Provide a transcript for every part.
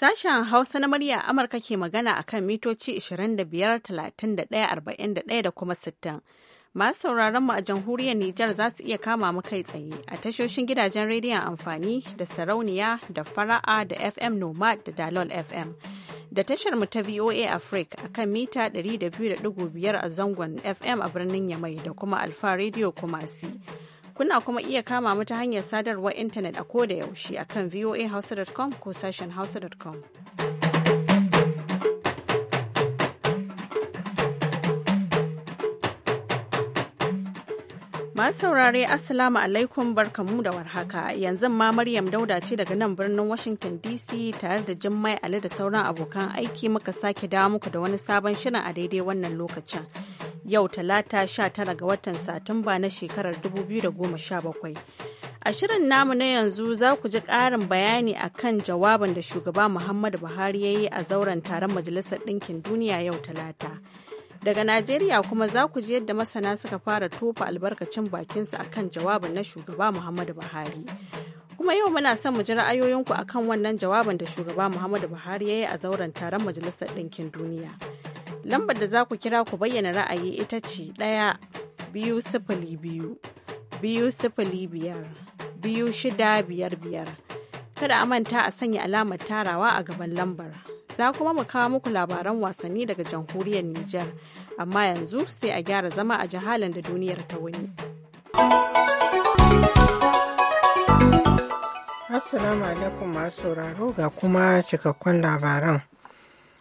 Sashen Hausa na murya Amurka ke magana a kan mitoci 25,31,41 da kuma 60. Masu sauraron mu a jamhuriyar Nijar za su iya kama mu kai tsaye a tashoshin gidajen rediyon amfani da sarauniya da fara'a da FM Nomad da Dalol FM. Da tashar mu ta VOA Africa a kan mita 200.5 a zangon FM a birnin Yamai da kuma Alfa Radio Kumasi. Kuna kuma iya kama mu ta hanyar sadarwar intanet a koda yaushe akan voahouse.com ko sashen hausa.com. Masu saurare Assalamu alaikum barkamu da warhaka yanzu ma Maryam Dauda ce daga nan birnin Washington DC tare da Jummai Ali da sauran abokan aiki muka sake dawo muku da wani sabon shirin a daidai wannan lokacin. yau talata 19 ga watan satumba na shekarar 2017 a shirin namu na yanzu za ku ji ƙarin bayani a kan jawabin da shugaba muhammadu buhari ya yi a zauren taron majalisar ɗinkin duniya yau talata daga najeriya kuma za ku ji yadda masana suka fara tofa albarkacin bakinsu akan jawabin na shugaba muhammadu buhari kuma yau muna son mu ji ra'ayoyinku akan wannan jawabin da shugaba muhammadu buhari ya yi a zauren taron majalisar ɗinkin duniya Lambar da za ku kira ku bayyana ra'ayi ita ce ɗaya biyu sifili biyu biyu sifili biyar biyu shida biyar biyar. Kada a manta a sanya alamar tarawa a gaban lambar. Za kuma mu kawo muku labaran wasanni daga jamhuriyar Nijar, amma yanzu sai a gyara zama a jihalin da duniyar ta wuni. Assalamu alaikum masu sauraro ga kuma cikakkun labaran.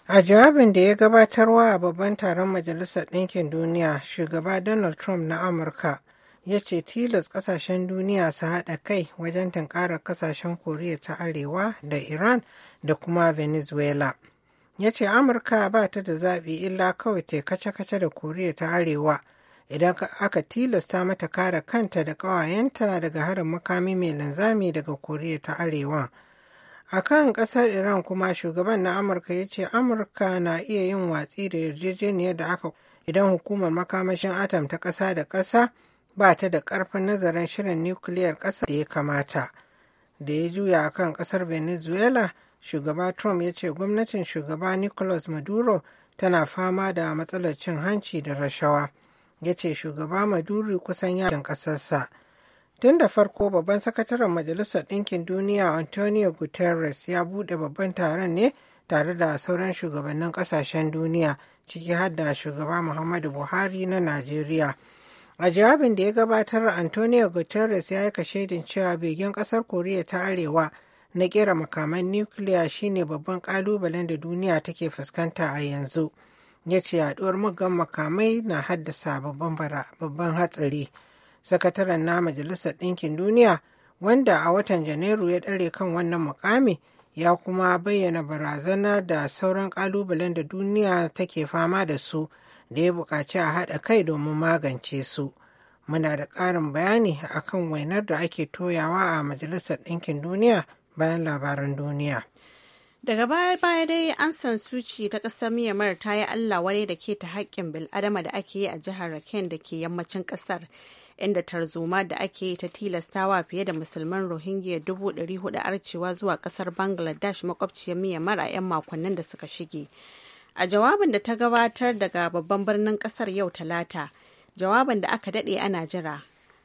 A jawabin da ya gabatarwa a babban taron Majalisar Ɗinkin Duniya, shugaba Donald Trump na Amurka ya ce tilas ƙasashen duniya su haɗa kai wajen tunkarar ƙasashen Koriya ta Arewa da Iran da kuma Venezuela. Ya ce Amurka ba ta da zaɓi illa kawai ta kace-kace da Koriya ta Arewa idan aka tilasta mata kare kanta da ƙawayenta daga harin makami mai linzami daga Koriya ta Arewa. a kan kasar iran kuma shugaban na amurka ya ce amurka na iya yin watsi da yarjejeniyar da aka idan hukumar makamashin atom ta kasa da kasa ba ta da karfin nazarin shirin nukiliyar kasa da ya kamata da ya juya a kan kasar venezuela shugaba trump ya ce gwamnatin shugaba nicolas maduro tana fama da matsalar cin hanci da rashawa ya ce shugaba maduro kusan yakin kasarsa Tun da farko babban sakataren Majalisar Ɗinkin Duniya Antonio Guterres ya buɗe babban taron ne tare da sauran shugabannin ƙasashen duniya ciki har da shugaba Muhammadu Buhari na Najeriya. A jawabin da ya gabatar Antonio Guterres ya yi shaidin cewa begen ƙasar Koriya ta Arewa na kera makaman nukiliya shine babban ƙalubalen da duniya take fuskanta a yanzu. Ya ce yaɗuwar muggan makamai na haddasa babban hatsari. sakataren na majalisar ɗinkin duniya wanda a watan janairu ya ɗare kan wannan mukami ya kuma bayyana barazana da sauran ƙalubalen da duniya take fama da su da ya buƙaci a haɗa kai domin magance su muna da ƙarin bayani a kan wainar da ake toyawa a majalisar ɗinkin duniya bayan labaran duniya daga baya baya dai an san suci ta ƙasar miyamar ta yi allah wani da ke ta haƙƙin bil'adama da ake yi a jihar raken da ke yammacin ƙasar inda tarzoma da ake ta tilastawa fiye da musulman rohingya hudu arcewa zuwa ƙasar bangladesh makwabciyar myanmar a 'yan makonnin da suka shige a jawabin da ta gabatar daga babban birnin ƙasar yau talata jawabin da aka daɗe ana jira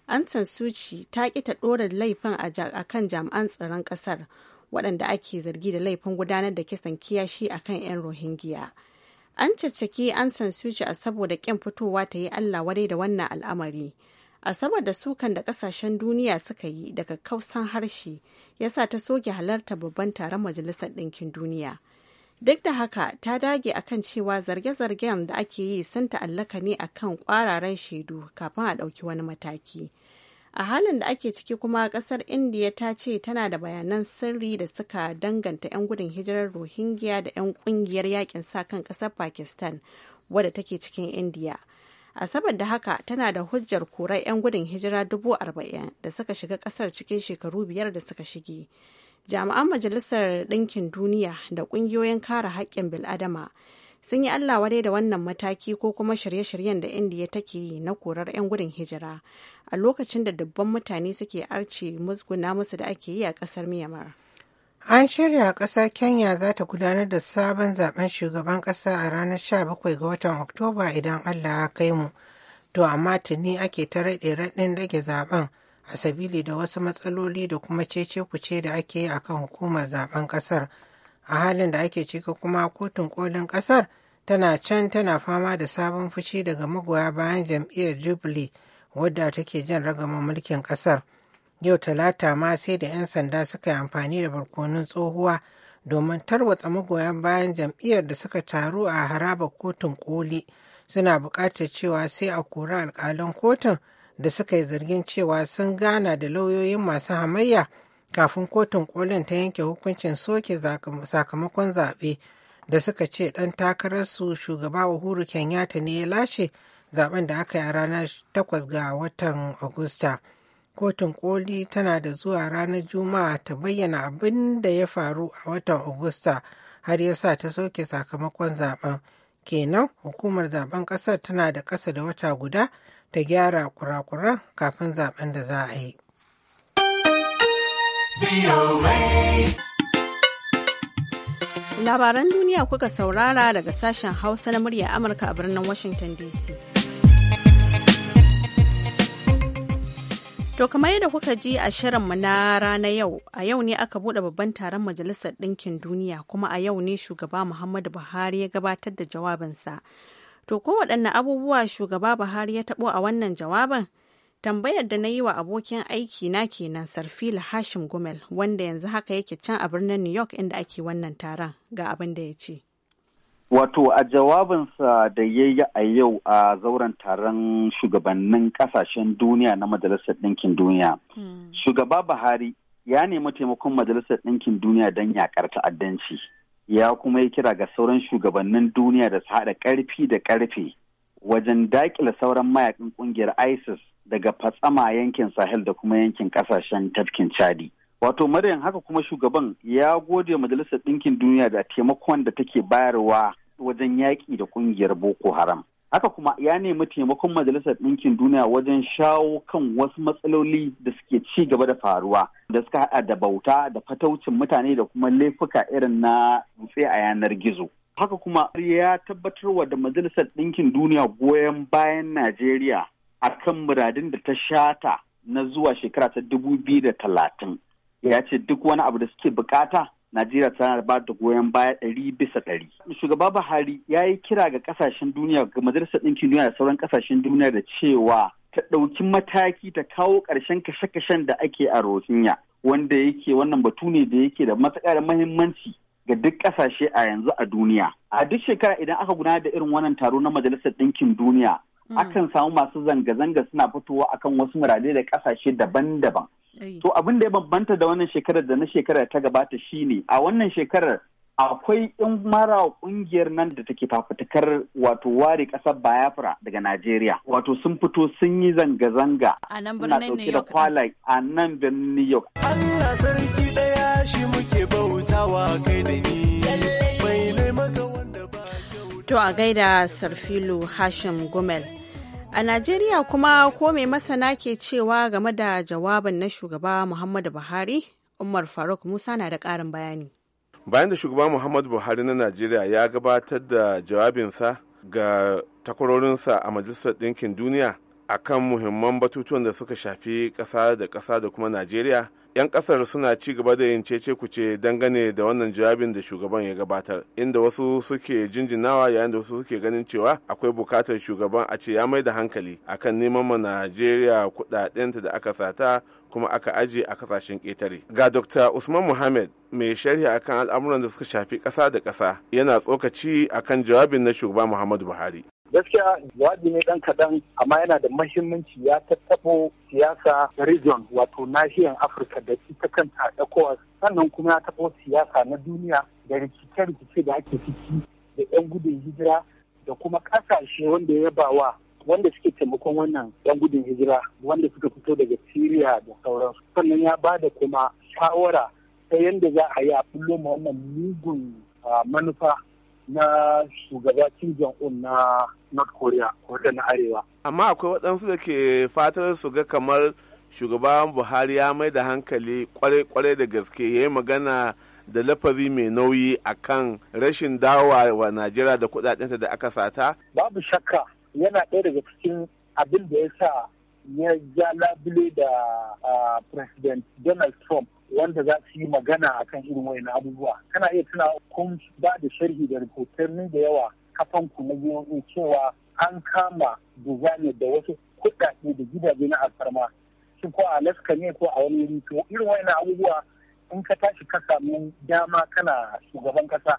an suci ta ƙi ta ɗora laifin a kan jami'an tsaron ƙasar waɗanda ake zargi da laifin gudanar da kisan kiyashi a kan 'yan rohingya an caccaki an suci a saboda ƙin fitowa ta yi allah wadai da wannan al'amari a da sukan da kasashen duniya suka yi daga kausan harshe ya sa ta soke halarta babban taron majalisar ɗinkin duniya duk da haka ta dage a kan cewa zarge-zargen da ake yi sun ta'allaka ne kan kwararen shaidu kafin a ɗauki wani mataki a halin da ake ciki kuma ƙasar indiya ta ce tana da bayanan sirri da suka danganta 'yan gudun hijirar rohingya da 'yan ƙungiyar yakin sa kan ƙasar pakistan wadda take cikin indiya a saboda haka tana da hujjar korar 'yan gudun hijira dubu arba'in da suka shiga kasar cikin shekaru biyar da suka shige jami'an majalisar ɗinkin duniya da ƙungiyoyin kare haƙƙin bil'adama sun yi allah wadai da wannan mataki ko kuma shirye-shiryen da indiya take yi na korar 'yan gudun hijira a lokacin da dubban mutane suke arce musguna musu da ake yi a ƙasar myanmar An shirya ƙasar Kenya za ta gudanar da sabon zaben shugaban ƙasa a ranar 17 ga watan Oktoba idan Allah ya kai mu. To amma tuni ake ta raɗe raɗin rage zaben a sabili da wasu matsaloli da kuma cece kuce da ake yi akan hukumar zaben ƙasar. A halin da ake cika kuma kotun kolin ƙasar tana can tana fama da sabon fushi daga magoya bayan jam'iyyar Jubilee wadda take jan ragama mulkin ƙasar. yau talata ma sai da 'yan sanda suka yi amfani da barkonon tsohuwa domin tarwatsa magoyan bayan jam'iyyar da suka taru a haraba kotun koli suna buƙatar cewa sai a kori alƙalan kotun da suka yi zargin cewa sun gana da lauyoyin masu hamayya kafin kotun kolin ta yanke hukuncin soke sakamakon zaɓe da suka ce ɗan takararsu shugaba uhuru kenyatta ne ya lashe zaben da aka yi a ranar 8 ga watan agusta. kotun koli tana da zuwa ranar juma'a ta bayyana abin da ya faru a watan agusta har ya sa ta soke sakamakon zaben kenan hukumar zaben kasar tana da ƙasa da wata guda ta gyara kurakuran kafin zaben da za a yi labaran duniya kuka saurara daga sashen hausa na murya amurka a birnin washington dc To kamar yadda kuka ji a shirinmu na rana yau, a yau ne aka bude babban taron Majalisar Ɗinkin Duniya kuma a yau ne shugaba Muhammadu Buhari ya gabatar da jawabinsa. To ko waɗanne abubuwa shugaba Buhari ya taɓo a wannan jawabin? Tambayar da na yi wa abokin aiki na kenan Sarfila Hashim Gumel wanda yanzu haka yake can a birnin New York inda ake wannan taron ga abin da ya ce. Wato a jawabinsa da ya yi a yau a zauren taron shugabannin kasashen duniya na Majalisar Ɗinkin Duniya. Hmm. Shugaba Buhari ya nemi taimakon Majalisar Ɗinkin Duniya don yakar ta'addanci. Ya kuma yi kira ga sauran shugabannin duniya da su haɗa ƙarfi da ƙarfe wajen daƙile sauran mayakan ƙungiyar ISIS daga fatsama yankin Sahel da kuma yankin kasashen tafkin Chadi. Wato Maryam haka kuma shugaban ya gode Majalisar Ɗinkin Duniya da taimakon da take bayarwa wajen yaƙi da ƙungiyar Boko Haram. Haka kuma ya nemi taimakon Majalisar Ɗinkin Duniya wajen shawo kan wasu matsaloli da suke ci gaba da faruwa da suka haɗa da bauta da fataucin mutane da kuma laifuka irin na dutse a yanar gizo. Haka kuma ya tabbatarwa da Majalisar Ɗinkin Duniya goyon bayan Najeriya a kan muradin da ta shata na zuwa shekara ta dubu biyu da talatin. Ya ce duk wani abu da suke bukata Najeriya tana ba da goyon baya ɗari bisa ɗari. Shugaba Buhari ya yi kira ga ƙasashen duniya ga Majalisar Ɗinkin Duniya da sauran ƙasashen duniya da cewa ta ɗauki mataki ta kawo ƙarshen kashe-kashen da ake a Rohingya wanda yake wannan batu ne da yake da matuƙar mahimmanci ga duk ƙasashe a yanzu a duniya. A duk shekara idan aka gudanar da irin wannan taro na Majalisar Ɗinkin Duniya mm. akan samu masu zanga-zanga suna fitowa akan wasu muradai da ƙasashe daban-daban. To abin da ya bambanta da wannan shekarar da na shekarar ta gabata shine a wannan shekarar akwai in mara kungiyar nan da take fafutukar wato ware kasar Biafra daga Najeriya. Wato sun fito sun yi zanga-zanga. A nan birnin New a nan birnin New York. Allah sarki daya shi muke bautawa kai da ni. Bai wanda ba. To a gaida Sarfilu Hashim Gumel. A Najeriya kuma ko mai masana ke cewa game da jawabin na shugaba Muhammadu Buhari, Umar Faruk Musa na da ƙarin bayani. Bayan da shugaba Muhammadu Buhari na Najeriya ya gabatar da jawabinsa ga takwarorinsa a Majalisar Ɗinkin Duniya a kan muhimman batutuwan da suka shafi ƙasa da ƙasa da kuma Najeriya. 'yan kasar suna ci gaba da yin cece kuce dangane da wannan jawabin da shugaban ya gabatar inda wasu suke jinjinawa yayin da wasu suke ganin cewa akwai bukatar shugaban a ce ya mai da hankali akan neman ma najeriya kudadenta da aka sata kuma aka aje a kasashen ƙetare ga dr usman muhammad mai sharhi akan al'amuran da suka shafi ƙasa da ƙasa yana tsokaci akan jawabin na shugaba muhammadu buhari gaskiya jawabi ne dan kaɗan amma yana da mahimmanci ya tattabo siyasa region wato nahiyar afirka da ita kanta ecowas sannan kuma ya taɓo siyasa na duniya da rikice-rikice da ake ciki da 'yan gudun hijira da kuma ƙasashe wanda ya bawa wanda suke taimakon wannan 'yan gudun hijira wanda suka fito daga syria da sauransu sannan ya ba da kuma shawara ta yadda za a yi a ma wannan mugun ah, manufa na shugaba Kim Jong-un na North Korea, da na Arewa. Amma akwai waɗansu da ke fatar su ga kamar shugaba Buhari ya mai da hankali kwarai-kwarai da gaske ya yi magana da lafazi mai nauyi a kan rashin dawa wa Najeriya da kudadenta da aka sata? Babu shakka yana ɗaya daga cikin abin da ya sa ya labule da president donald trump wanda za su yi magana akan irin wayan abubuwa kana iya tuna kun ba da sharhi da rahotanni da yawa kafan ku na biyu cewa an kama dizani da wasu kuɗaɗe da gidaje na alfarma shi ko a alaska ne ko a wani to irin wayan abubuwa in ka tashi ka samu dama kana shugaban kasa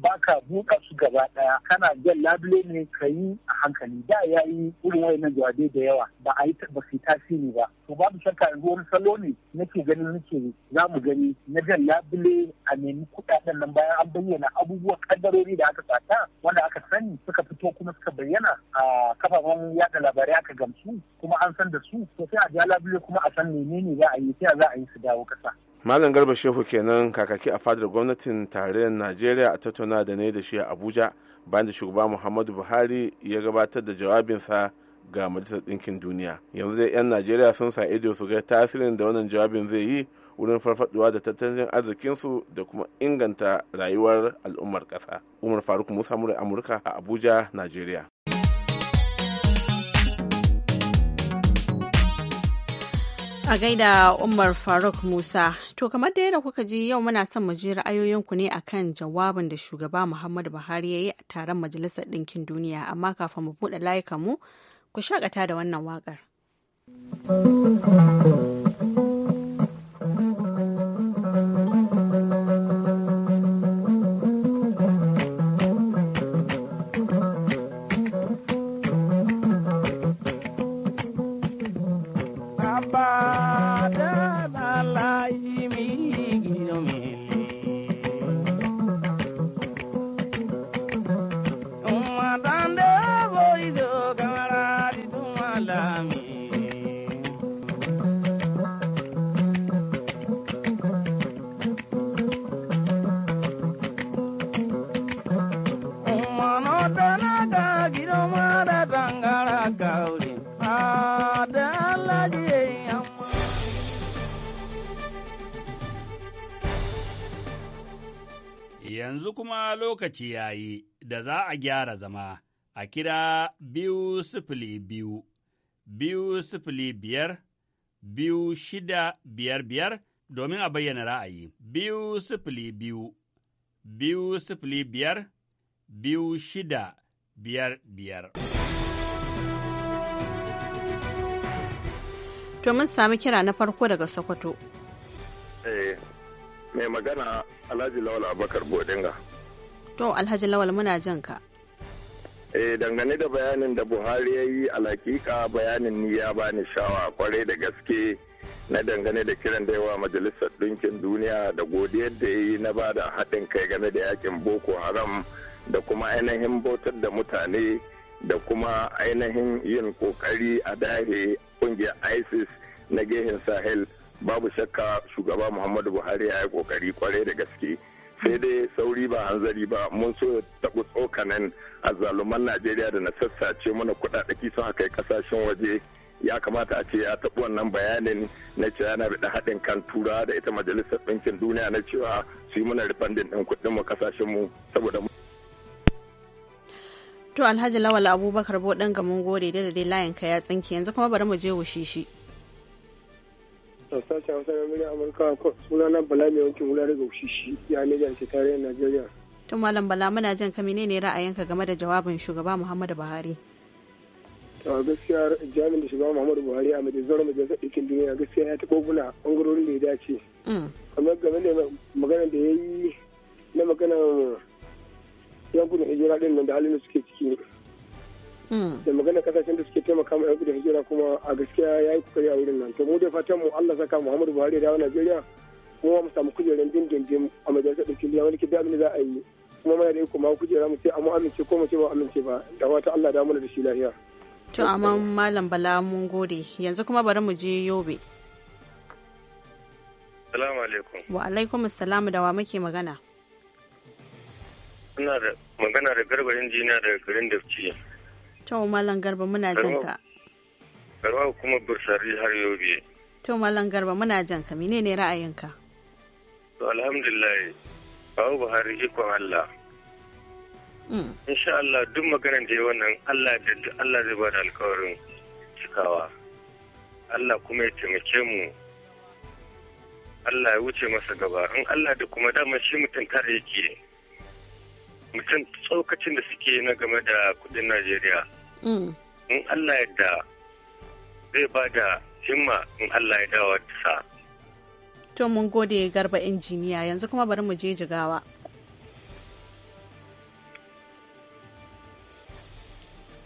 baka buka su gaba daya kana jan labule ne ka yi a hankali da ya yi irin nan jawabai da yawa ba a yi ba su tasiri ba to babu shakka yanzu wani salo ne nake ganin nake za mu gani na jan labule a nemi kuɗaɗen nan bayan an bayyana abubuwan kaddarori da aka sata wanda aka sani suka fito kuma suka bayyana a kafafen yada labarai aka gamsu kuma an san da su to sai a ja labule kuma a san menene za a yi sai za a yi su dawo kasa malam garba shehu kenan kakaki a fadar gwamnatin tarayyar najeriya a tattauna da ne da shi a abuja bayan da shugaba muhammadu buhari ya gabatar da jawabinsa ga majalisar ɗinkin duniya yanzu dai 'yan najeriya sun sa ido su ga tasirin da wannan jawabin zai yi wurin farfaduwa da tattalin arzikinsu da kuma inganta rayuwar al'ummar ƙasa umar faruk musa murai amurka a abuja najeriya A gaida Umar Faruk Musa, to kamar da yadda kuka ji yau muna son mu ji ra'ayoyinku ne akan jawabin da shugaba Muhammadu Buhari ya yi a taron Majalisar Ɗinkin Duniya, amma kafin mu buɗe layukanmu ku shakata da wannan waƙar. lokaci ya yi da za a gyara zama a kira biyu sifili biyu, biyu sifili biyar, biyu shida biyar biyar domin a bayyana ra'ayi. Biyu sifili biyu, biyu sifili biyar, biyu shida biyar biyar. To mun sami kira na farko daga Sokoto. Eh, mai magana Alhaji Lawal Abakar Bodinga. To Alhaji Lawal muna jan ka. Eh dangane da bayanin da Buhari ya yi alhakika bayanin ni ya bani shawa kwarai da gaske na dangane da kiran da yawa majalisar ɗinkin duniya da godiyar da ya yi na ba da haɗin kai game da yakin Boko Haram da kuma ainihin bautar da mutane da kuma ainihin yin ƙoƙari a dahe ƙungiyar ISIS na gehen Sahel babu shakka shugaba Muhammadu Buhari ya yi ƙoƙari kwarai da gaske. sai dai sauri ba hanzari ba mun so taɓa tsokanan azzaluman najeriya da na sassace mana kuɗaɗaki sun haka kasashen waje ya kamata a ce ya taɓa wannan bayanin na cewa yana da haɗin kan tura da ita majalisar ɗinkin duniya na cewa su yi mana rifandin ɗin kuɗin mu mu saboda mu. to alhaji lawal abubakar bo ɗan gamin gode da dai layin ka ya tsinke yanzu kuma bari mu je wushishi. shi. sashen hausa na murya amurka suna na bala mai wankin wula daga ushishi ya ne da ke tarayyar najeriya tun malam bala muna jin ka ne ra'ayinka game da jawabin shugaba muhammadu buhari a gaskiya jami'in da shugaba muhammadu buhari a mai majalisar ikin duniya gaskiya ya taɓa guna ɓangarorin da ya dace mm. kamar game da maganar da ya yi na maganar yankunan hijira ɗin nan da halin da suke ciki da magana kasashen da suke taimaka ma yan da hijira kuma a gaskiya ya yi kokari a wurin nan to mu dai fatan mu Allah saka Muhammadu Buhari da Najeriya kuma mu samu kujerar dindindin a majalisar ɗaukin duniya wani kidan da za a yi kuma mai da iko ma kujera mu ce amma amince ko mu ce ba amince ba da wata Allah da mu da shi lafiya. To amma Malam Bala mun gode yanzu kuma bari mu je Yobe. Salamu alaikum. Wa alaikum salamu da wa muke magana. Ina da magana da garba jina daga garin dafci. To Malam Garba muna jin ka. Garba kuma bursari har yau biye. To Malam Garba muna jin ka menene ra'ayinka? To alhamdulillah Bawo Buhari ikon Allah. Mm. Insha Allah duk maganar da ya wannan Allah da Allah zai ba da alkawarin cikawa. Allah kuma ya taimake mu Allah ya wuce masa gaba in Allah da kuma dama shi mutum tare yake mutum tsokacin da suke na game da kudin Najeriya. Mm. in Allah yadda zai ba da himma in Allah ya dawo ta sa to mun gode garba injiniya yanzu kuma bari mu je jigawa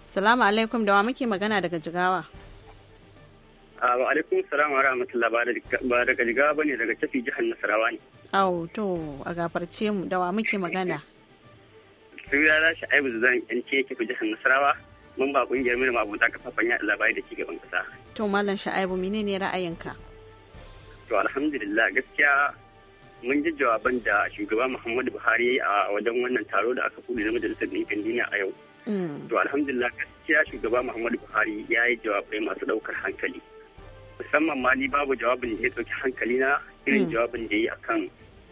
salamu alaikum da wa muke magana daga jigawa ah, wa alaikum salam wa rahmatullah ba daga jigawa bane daga tafi jihar nasarawa ne au to a gafarce mu da wa muke magana suna na sha'ibu zan yanke ya ke jihar nasarawa mun ba kungiyar mu abota kafafen yaɗa labarai da cigaban kasa. To Malam Sha'aibu menene ra'ayinka? To alhamdulillah gaskiya mun ji jawaban da shugaba Muhammadu Buhari a wajen wannan taro da aka kudu na majalisar ɗinkin duniya a yau. Mm. To alhamdulillah gaskiya shugaba Muhammadu Buhari ya yi jawabai masu ɗaukar hankali. Musamman ma ni babu jawabin da ya ɗauki hankali na irin mm. jawabin da ya yi akan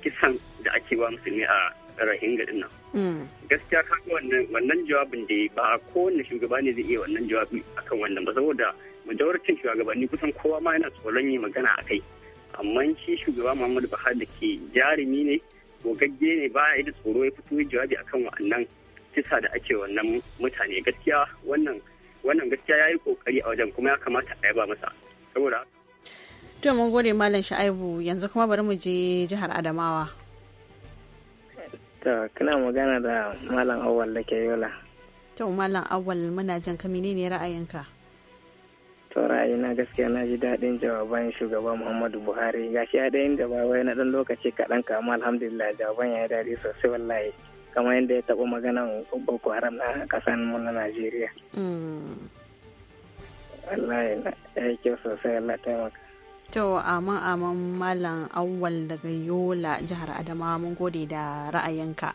kisan da ake wa musulmi a rahinga din nan. Hmm. Gaskiya ka wannan jawabin da ba kowane shugaba ne zai iya wannan jawabi akan wannan ba saboda majawarcin shugabanni kusan kowa ma yana tsoron yi magana a kai. Amma shi shugaba Muhammadu Buhari da ke jarumi ne gogagge ne ba ya da tsoro ya fito ya jawabi akan wannan kisa da ake wannan mutane gaskiya wannan wannan gaskiya ya yi kokari a wajen kuma ya kamata a yaba masa saboda. Tuwa mun gode Malam Sha'ibu yanzu kuma bari mu je jihar Adamawa. To, kana magana da Malam Awal da ke yola. To, Malam Awal muna jan ka ne ra'ayinka? To, ra'ayina gaskiya na ji daɗin jawaban shugaba Muhammadu Buhari. Gashi ya ɗayin da bawai na ɗan lokaci kaɗan ka kama alhamdulillah jawaban ya daɗi sosai wallahi. Kamar yadda ya taɓa maganan Boko Haram na ƙasan mu na Najeriya. Mm. Wallahi, ya yi kyau sosai Allah taimaka. To aman aman malam awwal daga Yola jihar adama mun gode da ra'ayinka.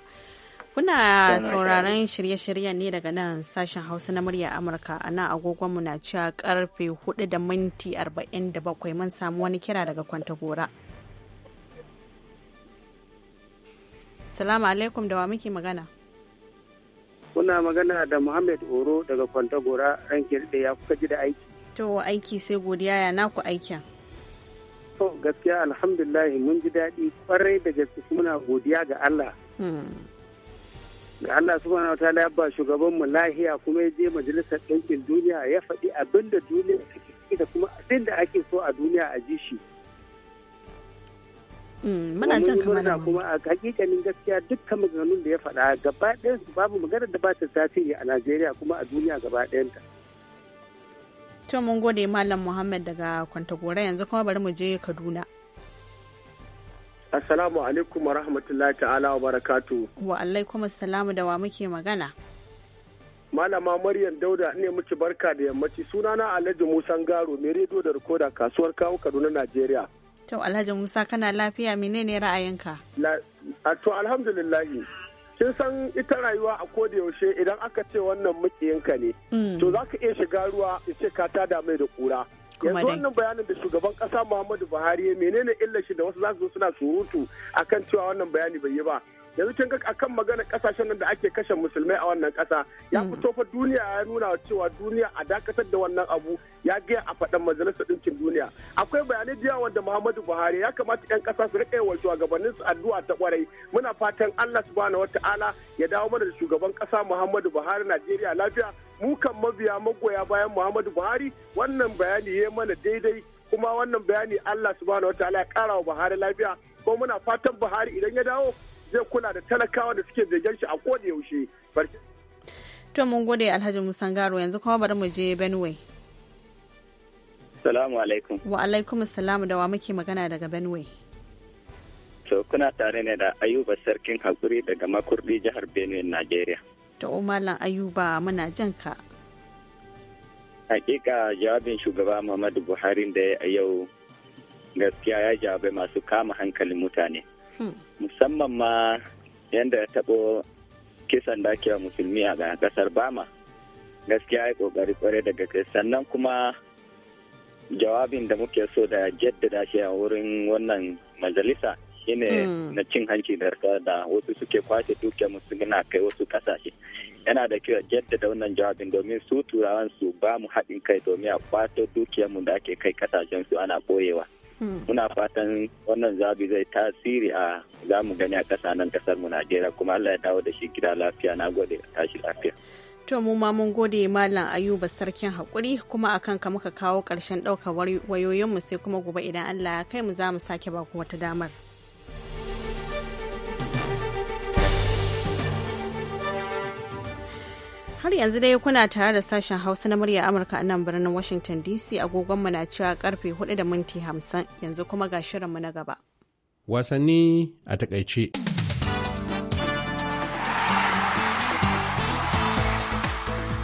Kuna sauraron shirye-shiryen ne daga nan sashen Hausa na murya Amurka a nan agogonmu na cewa karfe 4 da minti 47 mun samu wani kira daga Kwantagora. Salamu alaikum da wa muke magana. Kuna magana da Muhammad Horo daga Kwantagora ranke da ya kuka ji da aiki. To aiki sai godiya ya naku aikin. To gaskiya alhamdulillah mun ji daɗi kwarai da gaske muna godiya ga Allah. Hmm. ga Allah subhanahu wataala ya ba shugaban mu lahiya kuma ya je majalisar ɗinkin duniya ya faɗi abin da duniya take da kuma abin da ake so a duniya a ji shi. Hmm, muna jan kamar kuma a hakikanin gaskiya dukkan maganganun da ya faɗa gaba ɗayan babu maganar da ba ta tasiri a Najeriya kuma a duniya gaba ɗayanta. To mun gode Malam Muhammad daga Kwantagora yanzu kuma bari mu je Kaduna. Assalamu alaikum wa rahmatullahi ta'ala wa barakatu. Wa alaikum assalamu da wa muke magana. Malama Maryam Dauda ne muke barka da yammaci sunana Alhaji Musa garo mai rediyo da rikoda kasuwar kawo Kaduna Najeriya. To Alhaji Musa kana lafiya menene ra'ayinka? La, to alhamdulillahi. kin san ita rayuwa a ko da yaushe idan aka ce wannan makiyinka ne hmm. to za ka iya shiga ruwa ya ce ka tada mai da kura yanzu wannan bayanin da shugaban kasa muhammadu buhari ya menene illa shi da wasu za su zo suna surutu akan cewa wannan bayani bai yi ba yanzu kin ga akan magana kasashen nan da ake kashe musulmai a wannan kasa ya mm. fito fa duniya ya nuna cewa duniya a dakatar da wannan abu ya gaya a faɗan majalisar ɗinkin duniya akwai bayanai da yawa da Muhammadu Buhari ya kamata yan kasa su rika yawa gabanin su addu'a ta kwarai muna fatan Allah subhanahu wataala ya dawo mana da shugaban kasa Muhammadu Buhari Najeriya lafiya mu kan mabiya magoya bayan Muhammadu Buhari wannan bayani ya mana daidai kuma wannan bayani Allah subhanahu wataala ya karawa Buhari lafiya ko muna fatan Buhari idan ya dawo zai kula da talakawa da suke zagen shi a koda yaushe to mun gode alhaji musangaro yanzu kuma bari mu je benue salamu alaikum wa alaikum salamu da wa muke magana daga benue to kuna tare ne da ayuba sarkin hakuri daga makurdi jihar benue nigeria to umarlan ayuba muna jan ka hakika jawabin shugaba muhammadu buhari da ya yau gaskiya ya jawabai masu kama hankalin mutane musamman ma yadda ya taɓo kisan da ake musulmi a ƙasar bama gaskiya ya ƙoƙari kwarai daga kai sannan kuma jawabin da muke so da jaddada shi a wurin wannan majalisa shine hmm. na cin hanci da da wasu suke kwace dukiyar musu na kai wasu kasashe yana da kyau jaddada wannan jawabin domin su turawan su ba mu haɗin kai domin a kwato dukiyarmu da ake kai kasashen su ana ɓoyewa. muna fatan wannan zabi zai tasiri a za mu gani a ƙasa nan ƙasar mu najeriya kuma allah ya dawo da shi gida lafiya na gode tashi lafiya to mu ma mun gode mallam ayuba sarkin hakuri kuma akan ka muka kawo ƙarshen ɗaukar wayoyinmu sai kuma gobe idan allah ya kai mu za mu sake baku wata damar. Har yanzu dai kuna tare da sashen Hausa na murya Amurka a nan birnin Washington DC agogon mu na cewa karfe 4 da minti 50 yanzu kuma ga shirinmu na gaba. Wasanni a takaice.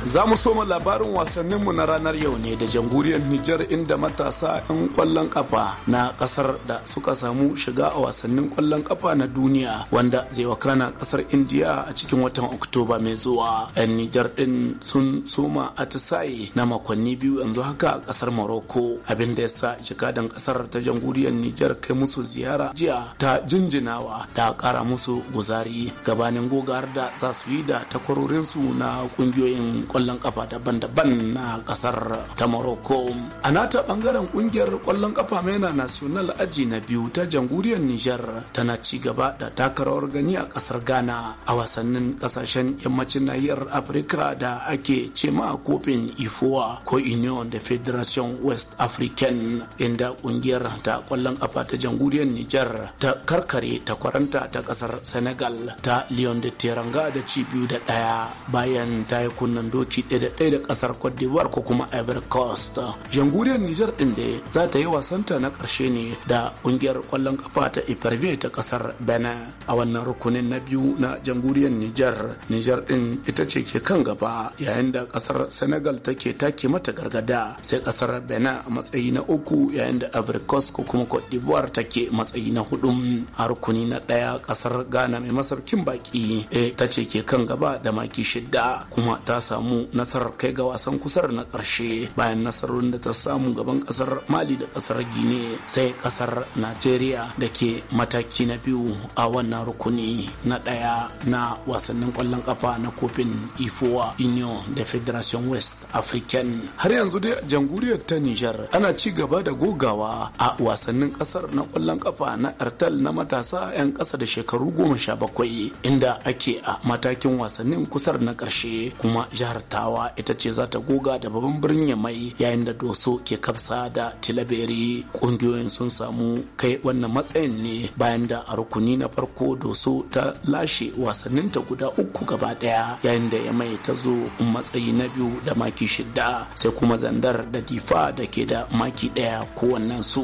Za mu soma labarin wasanninmu na ranar yau ne da jamhuriyar Nijar inda matasa 'yan kwallon kafa na kasar da suka samu shiga a wasannin kwallon kafa na duniya wanda zai wakana kasar Indiya a cikin watan Oktoba mai zuwa. 'Yan Nijar din sun soma a atisaye na makonni biyu yanzu haka a kasar Morocco abin da ya sa jikadan kasar ta jamhuriyar Nijar kai musu ziyara jiya ta jinjinawa da kara musu guzari gabanin gogar da za su yi da takwarorinsu na kungiyoyin kwallon kafa daban-daban na kasar ta Morocco. A nata bangaren kungiyar kwallon kafa mena national aji na biyu ta jamhuriyar Nijar tana ci gaba da takarawar gani a kasar Ghana a wasannin kasashen yammacin nahiyar Afirka da ake ce ma kofin Ifowa ko Union da Federation West African inda kungiyar ta kwallon kafa ta jamhuriyar Nijar ta karkare ta kwaranta ta kasar Senegal ta Leon da Teranga da ci biyu da daya. bayan ta yi kunnan do doki ɗaya da ɗaya da ƙasar Cote d'Ivoire ko kuma Ivory Coast. Jamhuriyar Nijar ɗin da za ta yi wasanta na ƙarshe ne da ƙungiyar ƙwallon ƙafa ta Iperve ta ƙasar Benin. A wannan rukunin na biyu na jamhuriyar Nijar, Nijar ɗin ita ce ke kan gaba yayin da ƙasar Senegal take take mata gargada sai ƙasar Benin a matsayi na uku yayin da Ivory Coast ko kuma Cote d'Ivoire take matsayi na hudu. A rukuni na ɗaya ƙasar Ghana mai masaukin baki eh, ta ce ke kan gaba da maki shidda kuma ta samu samu nasarar kai ga wasan kusar na ƙarshe bayan nasarorin da ta samu gaban ƙasar mali da ƙasar gine sai ƙasar nigeria da ke mataki na biyu a wannan rukuni na ɗaya na wasannin ƙwallon ƙafa na kofin ifowa union da federation west african har yanzu dai janguriyar ta nijar ana ci gaba da gogawa a wasannin ƙasar na ƙwallon ƙafa na artal na matasa 'yan ƙasa da shekaru goma sha bakwai inda ake a matakin wasannin kusar na ƙarshe kuma jihar tawa ita ce za ta goga da babban birnin mai yayin da doso ke kafsa da tilaberi kungiyoyin sun samu kai wannan matsayin ne bayan da a rukuni na farko doso ta lashe wasannin ta guda uku gaba daya yayin da ya mai ta zo matsayi na biyu da maki shida sai kuma zandar da difa da ke da maki daya wannan su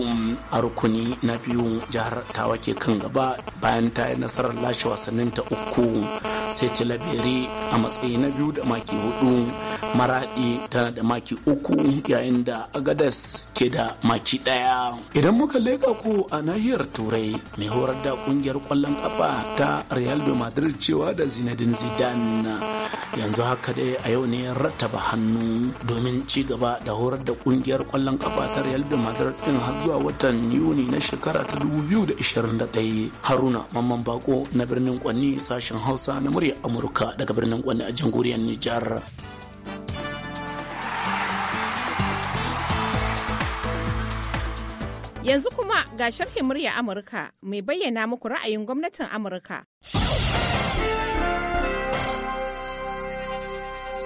a rukuni na biyu jihar tawa ke kan gaba bayan ta yi nasarar lashe wasannin ta uku sai tilaberi a matsayi na biyu da maki hudu samu maradi tana da maki uku yayin da agadas ke da maki ɗaya. idan muka leka ko a nahiyar turai mai horar da kungiyar kwallon kafa ta real madrid cewa da zinedine zidane yanzu haka dai a yau ne rattaba hannu domin ci gaba da horar da kungiyar kwallon kafa ta Real de Madrid din har zuwa watan Yuni na shekara ta 2021 Haruna Mamman Bako na birnin Kwanni sashen Hausa na murya Amurka daga birnin Kwanni a jamhuriyar Nijar. Yanzu kuma ga sharhin murya Amurka mai bayyana muku ra'ayin gwamnatin Amurka.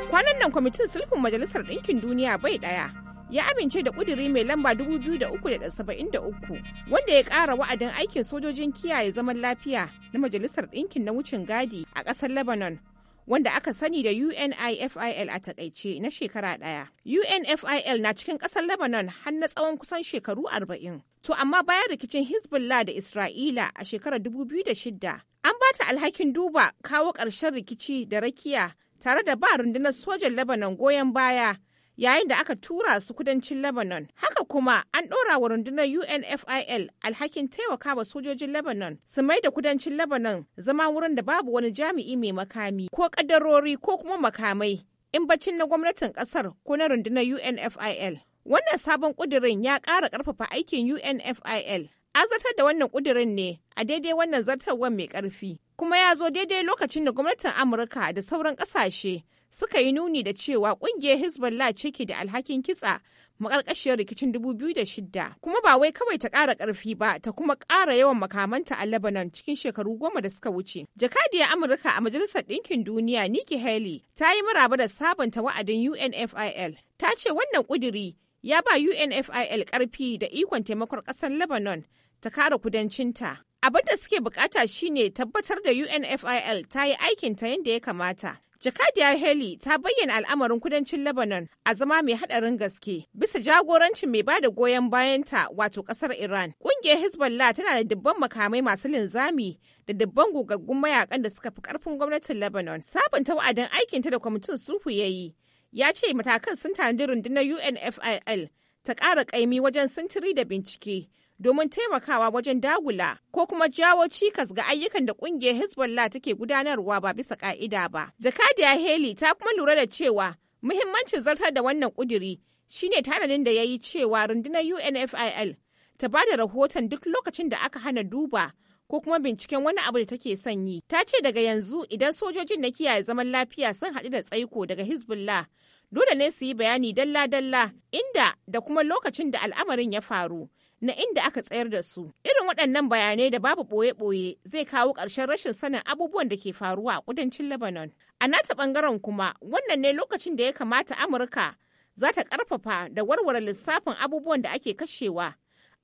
Kwanan nan kwamitin sulhun Majalisar Ɗinkin Duniya bai ɗaya ya amince da ƙuduri mai lamba 2,373 wanda ya ƙara wa'adin aikin sojojin kiyaye zaman lafiya na Majalisar Ɗinkin na wucin gadi a ƙasar Lebanon wanda aka sani da UNIFIL a takaice na shekara ɗaya. UNIFIL na cikin ƙasar Lebanon har na tsawon kusan shekaru arba'in. To amma bayan rikicin Hezbollah da Isra'ila a shekarar 2006, an ba ta alhakin duba kawo ƙarshen rikici da rakiya tare da ba rundunar sojan Lebanon goyon baya yayin da aka tura su kudancin Lebanon. Haka kuma an ɗora wa rundunar UNFIL alhakin taimaka wa sojojin Lebanon su mai da kudancin Lebanon zama wurin da babu wani jami'i mai makami ko ƙaddarori ko kuma makamai in bacin na gwamnatin ƙasar ko na rundunar UNFIL. Wannan sabon ƙudurin ya ƙara ƙarfafa aikin UNFIL. An zartar da wannan ƙudurin ne a daidai wannan zartarwar mai ƙarfi kuma ya zo daidai lokacin da gwamnatin amurka da sauran ƙasashe suka yi nuni da cewa ƙungiyar hezbollah ce ke da alhakin kitsa makarkashiyar rikicin 2006 kuma ba wai kawai ta ƙara ƙarfi ba ta kuma ƙara yawan makamanta a Lebanon cikin shekaru goma da suka wuce. Jakadiyar Amurka a Majalisar Ɗinkin Duniya Nikki Haley ta yi maraba da sabonta wa'adin UNFIL. Ta ce wannan ƙuduri ya ba UNFIL ƙarfi da ikon taimakon ƙasar Lebanon ta kare kudancinta. abin da suke bukata shine tabbatar da unfil ta yi aikin ta yadda ya kamata jakadiyar haley ta bayyana al'amarin kudancin lebanon a zama mai hadarin gaske bisa jagorancin mai bada goyon bayanta wato kasar iran kungiyar hezbollah tana da dubban makamai masu linzami da dubban gogaggun mayakan da suka fi karfin gwamnatin lebanon sabunta wa'adin aikinta da kwamitin sulhu ya yi ya ce matakan sun tanadi rundunar unfil ta ƙara ƙaimi wajen sintiri da bincike domin taimakawa wajen dagula ko kuma jawo cikas ga ayyukan da kungiyar Hezbollah take gudanarwa ba bisa ka'ida ba. Jakadiya Haley ta kuma lura da cewa muhimmancin zartar da wannan kuduri shine tanadin da ya yi cewa rundunar UNFIL ta ba da rahoton duk lokacin da aka hana duba ko kuma binciken wani abu da take son yi. Ta ce daga yanzu idan sojojin na kiyaye zaman lafiya sun haɗu da tsaiko daga Hezbollah dole ne su yi bayani dalla-dalla inda da kuma lokacin da al'amarin ya faru. na inda aka tsayar da su. Irin waɗannan bayanai da babu ɓoye-ɓoye zai kawo ƙarshen rashin sanin abubuwan da ke faruwa a kudancin Lebanon. A nata ɓangaren kuma wannan ne lokacin da ya kamata Amurka za ta ƙarfafa da warware lissafin abubuwan da ake kashewa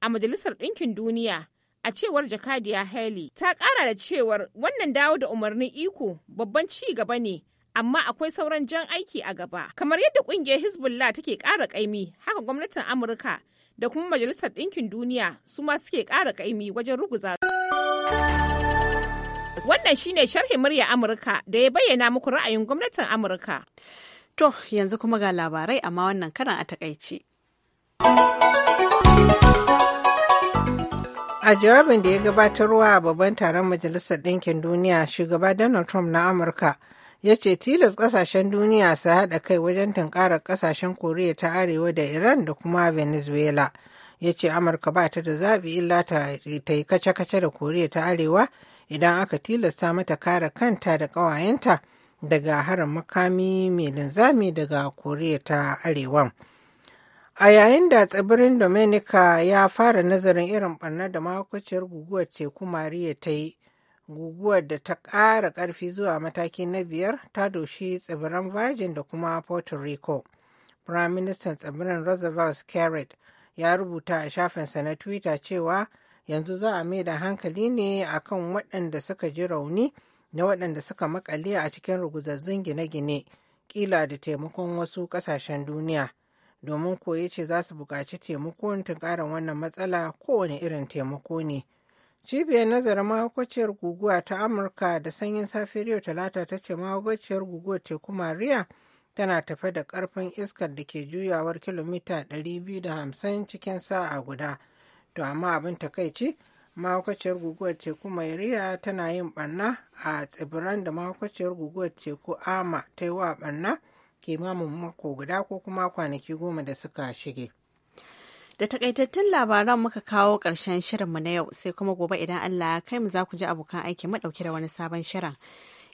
a Majalisar Ɗinkin Duniya a cewar jakadiya Haley. Ta ƙara da cewar wannan dawo da umarnin iko babban ci gaba ne amma akwai sauran jan aiki a gaba. Kamar yadda ƙungiyar Hezbollah take ƙara ƙaimi haka gwamnatin Amurka da kuma Majalisar Ɗinkin Duniya su ma suke ƙara ƙaimi wajen ruguza. Wannan shi ne sharhin murya Amurka da ya bayyana muku ra'ayin gwamnatin Amurka. To, yanzu kuma ga labarai amma wannan karan a takaice. A jawabin da ya gabatarwa a babban taron Majalisar Ɗinkin Duniya, shugaba Donald Trump na Amurka ya ce tilas kasashen duniya su haɗa kai wajen tunkarar kasashen koriya ta arewa da iran da kuma venezuela ya ce amurka ba ta da zaɓi illa ta yi kace-kace da koriya ta arewa idan aka tilasta mata kare kanta da ƙawayenta daga harin makami mai linzami daga koriya ta Arewa? a yayin da tsibirin dominica ya fara nazarin irin ɓarna da mahaukaciyar guguwar teku mariya ta yi guguwar da ta ƙara ƙarfi zuwa mataki na biyar ta doshi tsibiran virgin da kuma puerto rico prime minister tsibirin roosevelt carrot ya rubuta a shafinsa na twitter cewa yanzu za a mai da hankali ne a kan waɗanda suka ji rauni na waɗanda suka makale a cikin ruguzazzun gine-gine ƙila da taimakon wasu ƙasashen duniya domin koyi ce za su buƙaci taimakon tunkarar wannan matsala kowane irin taimako ne. Cibiyar nazarin mahaukaciyar guguwa ta Amurka da sanyin safiyar yau talata ta ce mahaukaciyar guguwar teku Maria tana tafe da ƙarfin iskar da ke juyawar kilomita 250 cikin sa'a guda. To amma abin takaici mahaukaciyar guguwar teku Maria tana yin barna a tsibiran da mahaukaciyar guguwar teku Ama ta yi wa barna kimanin mako guda ko kuma kwanaki goma da suka shige. Da takaitattun labaran muka kawo ƙarshen shirinmu na yau sai kuma gobe idan Allah ya kai mu za ku ji abokan aiki madauke da wani sabon shirin.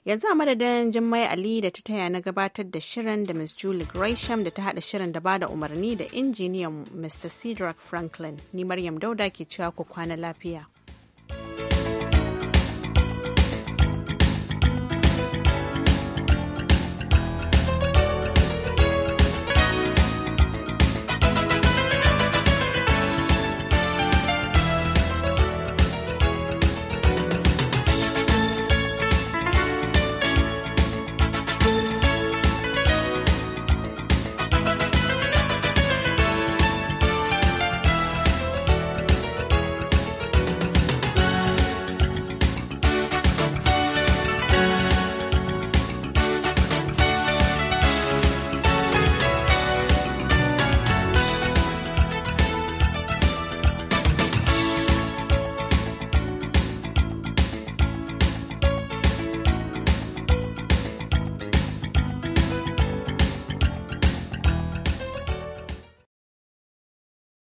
Yanzu a madadin Jummai Ali da ta taya na gabatar da shirin da ms Julie Gresham da ta haɗa shirin da bada umarni da injiniyan Mr. Cedric Franklin. Ni Maryam Dauda ke cewa ku kwana lafiya.